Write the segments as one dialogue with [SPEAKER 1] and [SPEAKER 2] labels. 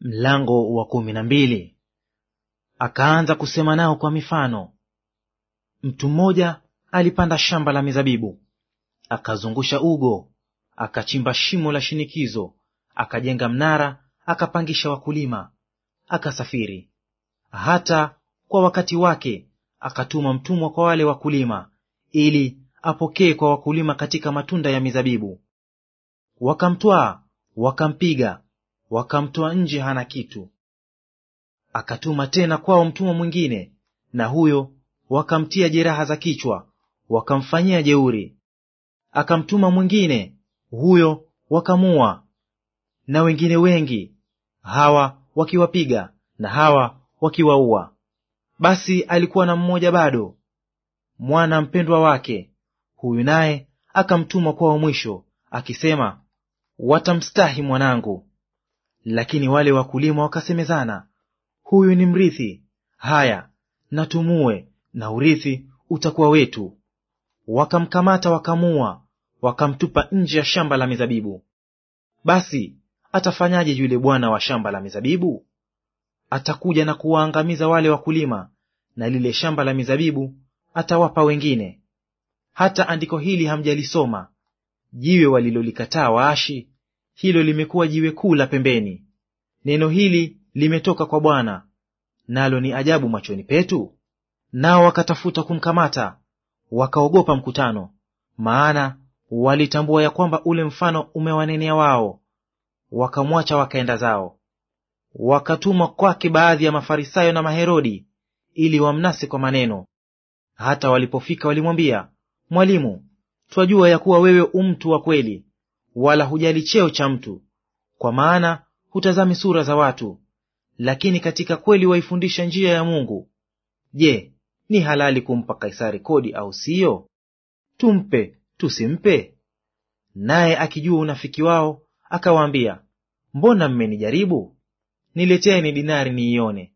[SPEAKER 1] Mlango wa kumi na mbili. Akaanza kusema nao kwa mifano. Mtu mmoja alipanda shamba la mizabibu, akazungusha ugo, akachimba shimo la shinikizo, akajenga mnara, akapangisha wakulima, akasafiri. Hata kwa wakati wake akatuma mtumwa kwa wale wakulima, ili apokee kwa wakulima katika matunda ya mizabibu. Wakamtwaa, wakampiga wakamtoa nje, hana kitu. Akatuma tena kwao mtumwa mwingine, na huyo wakamtia jeraha za kichwa, wakamfanyia jeuri. Akamtuma mwingine, huyo wakamua, na wengine wengi, hawa wakiwapiga na hawa wakiwaua. Basi alikuwa na mmoja bado, mwana mpendwa wake, huyu naye akamtuma kwao mwisho, akisema, watamstahi mwanangu. Lakini wale wakulima wakasemezana, huyu ni mrithi, haya natumue na urithi utakuwa wetu. Wakamkamata wakamua, wakamtupa nje ya shamba la mizabibu. Basi atafanyaje yule bwana wa shamba la mizabibu? Atakuja na kuwaangamiza wale wakulima, na lile shamba la mizabibu atawapa wengine. Hata andiko hili hamjalisoma, jiwe walilolikataa waashi hilo limekuwa jiwe kuu la pembeni. Neno hili limetoka kwa Bwana, nalo ni ajabu machoni petu. Nao wakatafuta kumkamata, wakaogopa mkutano, maana walitambua ya kwamba ule mfano umewanenea wao. Wakamwacha wakaenda zao. wakatumwa kwake baadhi ya Mafarisayo na Maherodi ili wamnase kwa maneno. Hata walipofika walimwambia, Mwalimu, twajua ya kuwa wewe umtu wa kweli wala hujali cheo cha mtu, kwa maana hutazami sura za watu, lakini katika kweli waifundisha njia ya Mungu. Je, ni halali kumpa Kaisari kodi au siyo? Tumpe, tusimpe? Naye akijua unafiki wao, akawaambia, mbona mmenijaribu? Nileteeni dinari niione.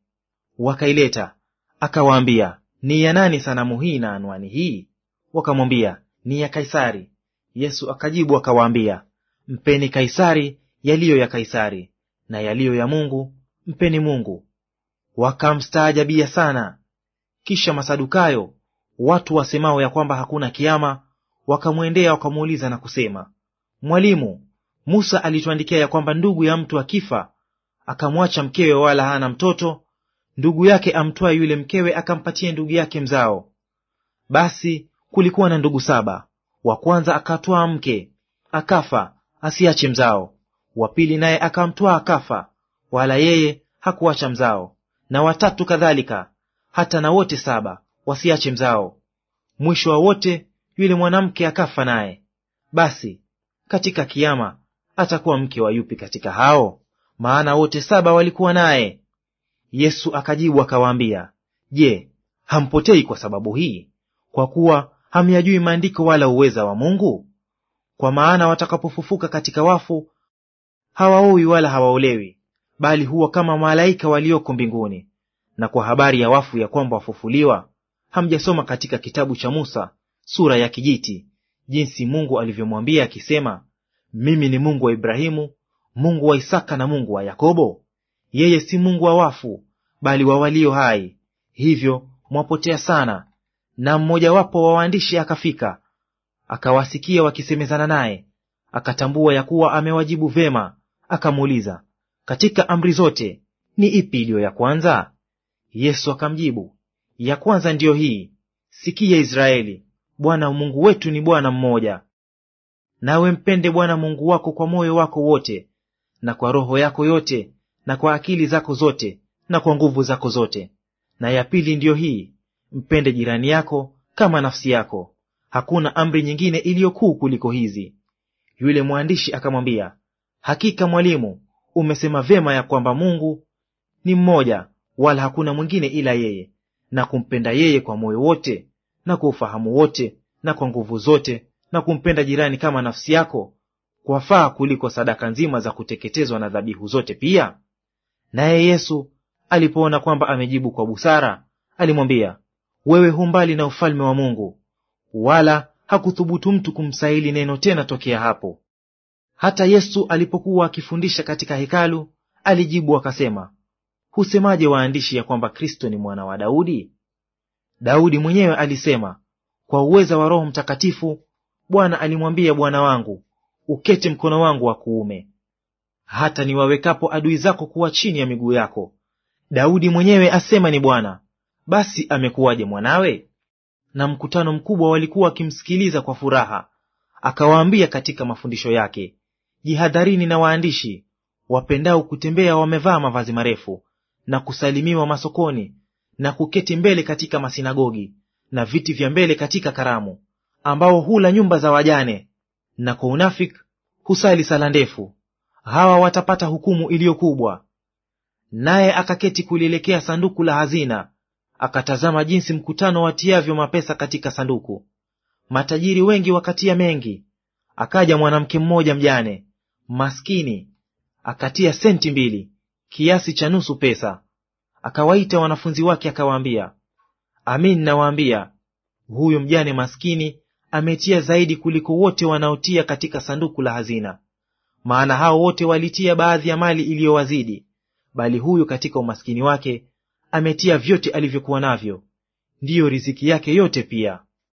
[SPEAKER 1] Wakaileta. Akawaambia, ni ya nani sanamu hii na anwani hii? Wakamwambia, ni ya Kaisari. Yesu akajibu akawaambia, Mpeni Kaisari yaliyo ya Kaisari, na yaliyo ya Mungu mpeni Mungu. Wakamstaajabia sana. Kisha Masadukayo, watu wasemao ya kwamba hakuna kiama, wakamwendea wakamuuliza na kusema, Mwalimu, Musa alituandikia ya kwamba ndugu ya mtu akifa akamwacha mkewe, wala hana mtoto, ndugu yake amtwaye yule mkewe akampatie ndugu yake mzao. Basi kulikuwa na ndugu saba. Wa kwanza akatwaa mke, akafa, asiache mzao. Wa pili naye akamtwaa akafa, wala yeye hakuacha mzao. Na watatu kadhalika, hata na wote saba wasiache mzao. Mwisho wa wote yule mwanamke akafa naye. Basi katika kiama atakuwa mke wa yupi katika hao? Maana wote saba walikuwa naye. Yesu akajibu akawaambia, Je, hampotei kwa sababu hii? Kwa kuwa hamyajui maandiko wala uweza wa Mungu? Kwa maana watakapofufuka katika wafu hawaowi wala hawaolewi, bali huwa kama malaika walioko mbinguni. Na kwa habari ya wafu ya kwamba wafufuliwa, hamjasoma katika kitabu cha Musa sura ya kijiti, jinsi Mungu alivyomwambia akisema, mimi ni Mungu wa Ibrahimu, Mungu wa Isaka na Mungu wa Yakobo? Yeye si Mungu wa wafu, bali wa walio hai. Hivyo mwapotea sana. Na mmojawapo wa waandishi akafika akawasikia wakisemezana naye, akatambua ya kuwa amewajibu vema, akamuuliza, katika amri zote ni ipi iliyo ya kwanza? Yesu akamjibu, ya kwanza ndiyo hii, sikia Israeli, Bwana Mungu wetu ni Bwana mmoja. Nawe mpende Bwana Mungu wako kwa moyo wako wote na kwa roho yako yote na kwa akili zako zote na kwa nguvu zako zote. Na ya pili ndiyo hii, mpende jirani yako kama nafsi yako. Hakuna amri nyingine iliyokuu kuliko hizi. Yule mwandishi akamwambia, hakika mwalimu, umesema vyema ya kwamba Mungu ni mmoja, wala hakuna mwingine ila yeye, na kumpenda yeye kwa moyo wote na kwa ufahamu wote na kwa nguvu zote, na kumpenda jirani kama nafsi yako, kwafaa kuliko sadaka nzima za kuteketezwa na dhabihu zote pia. Naye Yesu alipoona kwamba amejibu kwa busara, alimwambia, wewe hu mbali na ufalme wa Mungu wala hakuthubutu mtu kumsaili neno tena tokea hapo. Hata Yesu alipokuwa akifundisha katika hekalu, alijibu akasema, husemaje waandishi ya kwamba Kristo ni mwana wa Daudi? Daudi mwenyewe alisema, kwa uweza wa Roho Mtakatifu, Bwana alimwambia Bwana wangu, ukete mkono wangu wa kuume, hata niwawekapo adui zako kuwa chini ya miguu yako. Daudi mwenyewe asema ni Bwana, basi amekuwaje mwanawe? na mkutano mkubwa walikuwa wakimsikiliza kwa furaha. Akawaambia katika mafundisho yake, jihadharini na waandishi wapendao kutembea wamevaa mavazi marefu na kusalimiwa masokoni na kuketi mbele katika masinagogi na viti vya mbele katika karamu, ambao hula nyumba za wajane na kwa unafiki husali sala ndefu; hawa watapata hukumu iliyo kubwa. Naye akaketi kulielekea sanduku la hazina akatazama jinsi mkutano watiavyo mapesa katika sanduku. Matajiri wengi wakatia mengi. Akaja mwanamke mmoja mjane maskini, akatia senti mbili, kiasi cha nusu pesa. Akawaita wanafunzi wake, akawaambia, amin nawaambia, huyu mjane maskini ametia zaidi kuliko wote wanaotia katika sanduku la hazina. Maana hao wote walitia baadhi ya mali iliyowazidi, bali huyu katika umaskini wake ametia vyote alivyokuwa navyo, ndiyo riziki yake yote pia.